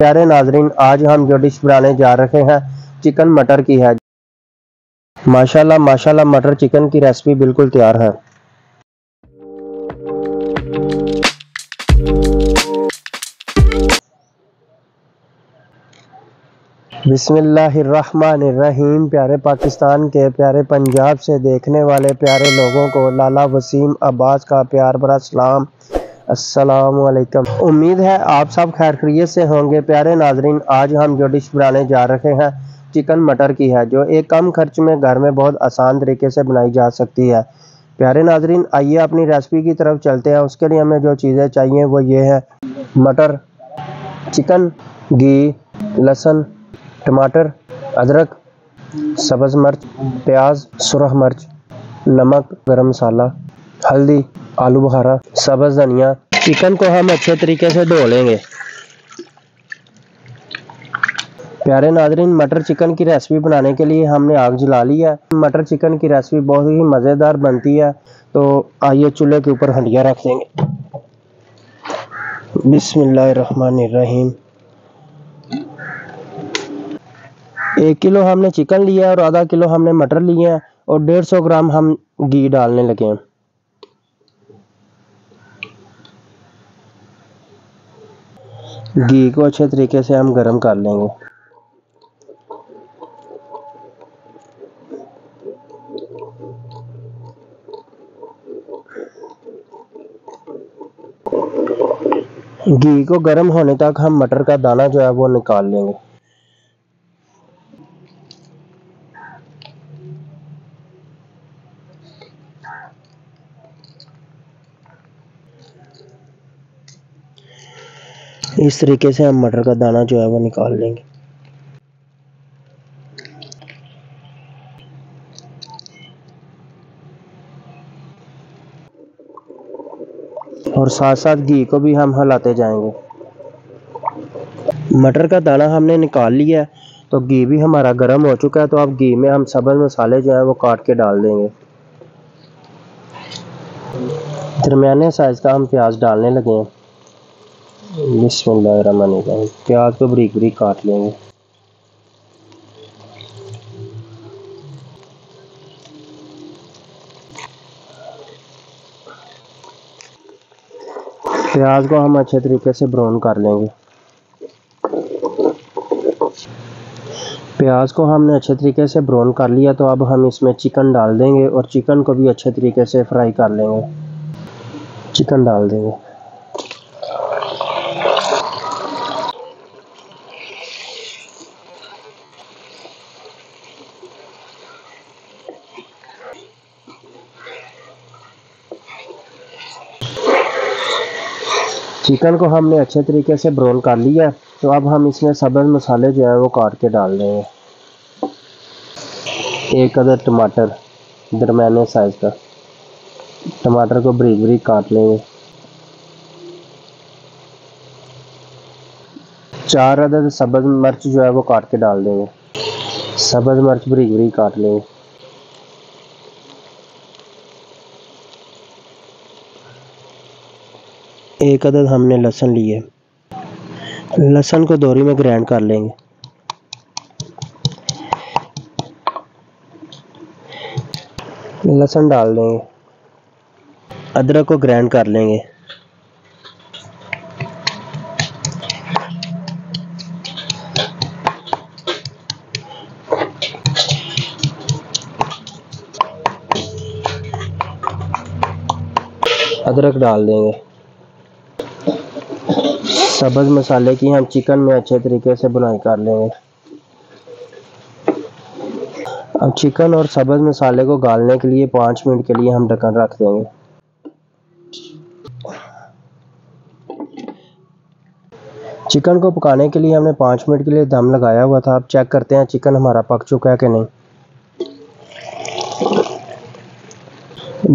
प्यारे नाजरीन आज हम जो डिश बनाने जा रहे हैं चिकन मटर की है माशाल्लाह माशाल्लाह मटर चिकन की रेसिपी बिल्कुल तैयार है बिसमीम प्यारे पाकिस्तान के प्यारे पंजाब से देखने वाले प्यारे लोगों को लाला वसीम अब्बास का प्यार भरा सलाम असलकम उम्मीद है आप सब खैर खरीत से होंगे प्यारे नाजरीन आज हम जो डिश बनाने जा रहे हैं चिकन मटर की है जो एक कम खर्च में घर में बहुत आसान तरीके से बनाई जा सकती है प्यारे नाजरीन आइए अपनी रेसिपी की तरफ चलते हैं उसके लिए हमें जो चीज़ें चाहिए वो ये है मटर चिकन घी लहसुन टमाटर अदरक सब्ज़ मिर्च प्याज सुरख मिर्च नमक गरम मसाला हल्दी आलू बुखारा सब्ज धनिया चिकन को तो हम अच्छे तरीके से धो लेंगे प्यारे नाजरीन मटर चिकन की रेसिपी बनाने के लिए हमने आग जला ली है मटर चिकन की रेसिपी बहुत ही मज़ेदार बनती है तो आइए चूल्हे के ऊपर हंडिया रख देंगे बिसमीम एक किलो हमने चिकन लिया है और आधा किलो हमने मटर लिए हैं और डेढ़ सौ ग्राम हम घी डालने लगे हैं घी को अच्छे तरीके से हम गर्म कर लेंगे घी को गर्म होने तक हम मटर का दाना जो है वो निकाल लेंगे इस तरीके से हम मटर का दाना जो है वो निकाल लेंगे और साथ साथ घी को भी हम हलाते जाएंगे मटर का दाना हमने निकाल लिया है तो घी भी हमारा गर्म हो चुका है तो अब घी में हम सबज मसाले जो है वो काट के डाल देंगे दरमियाने साइज़ का हम प्याज डालने लगे हैं बसमीम प्याज को बरीक बरीक काट लेंगे प्याज को हम अच्छे तरीके से ब्राउन कर लेंगे प्याज को हमने अच्छे तरीके से ब्राउन कर लिया तो अब हम इसमें चिकन डाल देंगे और चिकन को भी अच्छे तरीके से फ्राई कर लेंगे चिकन डाल देंगे चिकन को हमने अच्छे तरीके से ब्रोल कर लिया तो अब हम इसमें सब्ज़ मसाले जो है वो काट के डाल देंगे एक अदर टमाटर दरमियाने साइज़ का टमाटर को बरीक बरीक काट लेंगे चार अदर सब्ज़ मिर्च जो है वो काट के डाल देंगे सब्ज़ मिर्च बरीक बरीक काट लेंगे एक अदद हमने लहसन ली है लहसन को दोरी में ग्राइंड कर लेंगे लहसन डाल देंगे अदरक को ग्राइंड कर लेंगे अदरक डाल देंगे सब्ज़ मसाले की हम चिकन में अच्छे तरीके से बुनाई कर लेंगे अब चिकन और सब्ज़ मसाले को गालने के लिए पाँच मिनट के लिए हम ढक्कन रख देंगे चिकन को पकाने के लिए हमने पाँच मिनट के लिए दम लगाया हुआ था अब चेक करते हैं चिकन हमारा पक चुका है कि नहीं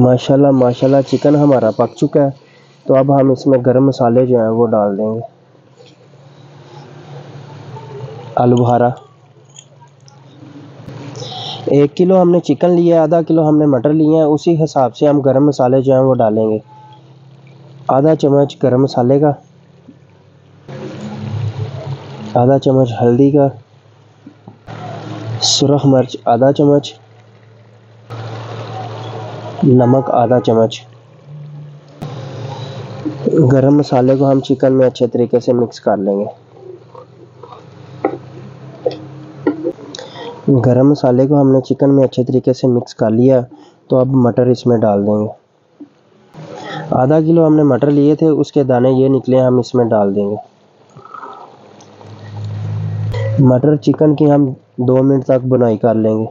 माशाल्लाह माशाल्लाह चिकन हमारा पक चुका है तो अब हम इसमें गरम मसाले जो हैं वो डाल देंगे आलू बुहारा एक किलो हमने चिकन लिया आधा किलो हमने मटर लिए है उसी हिसाब से हम गरम मसाले जो हैं वो डालेंगे आधा चम्मच गरम मसाले का आधा चम्मच हल्दी का सुरख मिर्च आधा चम्मच नमक आधा चम्मच गरम मसाले को हम चिकन में अच्छे तरीके से मिक्स कर लेंगे गरम मसाले को हमने चिकन में अच्छे तरीके से मिक्स कर लिया तो अब मटर इसमें डाल देंगे आधा किलो हमने मटर लिए थे उसके दाने ये निकले हम इसमें डाल देंगे मटर चिकन की हम दो मिनट तक बुनाई कर लेंगे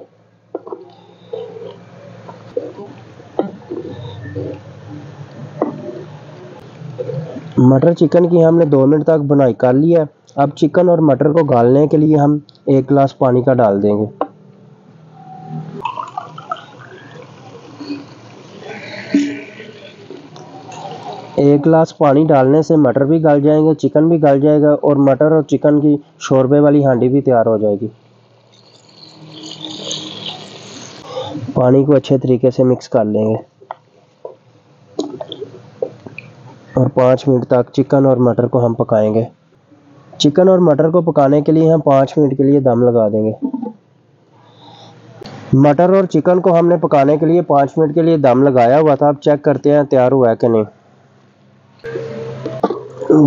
मटर चिकन की हमने दो मिनट तक बनाई कर ली है अब चिकन और मटर को गालने के लिए हम एक गिलास पानी का डाल देंगे एक गिलास पानी डालने से मटर भी गल जाएंगे चिकन भी गल जाएगा और मटर और चिकन की शोरबे वाली हांडी भी तैयार हो जाएगी पानी को अच्छे तरीके से मिक्स कर लेंगे और पाँच मिनट तक चिकन और मटर को हम पकाएंगे चिकन और मटर को पकाने के लिए हम पाँच मिनट के लिए दम लगा देंगे मटर और चिकन को हमने पकाने के लिए पाँच मिनट के लिए दम लगाया हुआ था आप चेक करते हैं तैयार हुआ है कि नहीं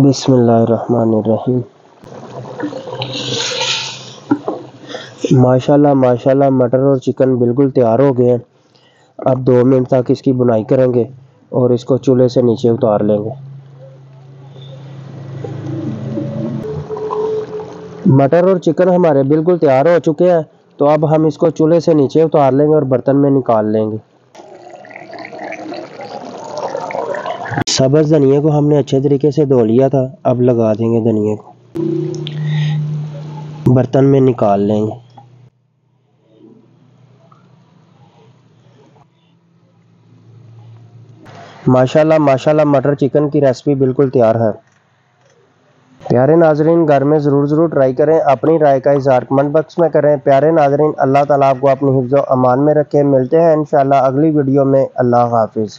बिस्मिल्लाहिर्रहमानिर्रहीम माशाल्लाह माशाल्लाह मटर और चिकन बिल्कुल तैयार हो गए हैं अब दो मिनट तक इसकी बुनाई करेंगे और इसको चूल्हे से नीचे उतार लेंगे मटर और चिकन हमारे बिल्कुल तैयार हो चुके हैं तो अब हम इसको चूल्हे से नीचे उतार लेंगे और बर्तन में निकाल लेंगे सबज धनिए को हमने अच्छे तरीके से धो लिया था अब लगा देंगे धनिए को बर्तन में निकाल लेंगे माशाल्लाह माशाल्लाह मटर चिकन की रेसिपी बिल्कुल तैयार है प्यारे नाजरीन घर में ज़रूर ज़रूर ट्राई करें अपनी राय का इजहार कमेंट बक्स में करें प्यारे नाजरीन अल्लाह ताला आपको अपनी हिफ्ज़ अमान में रखें मिलते हैं इन अगली वीडियो में अल्लाह हाफिज़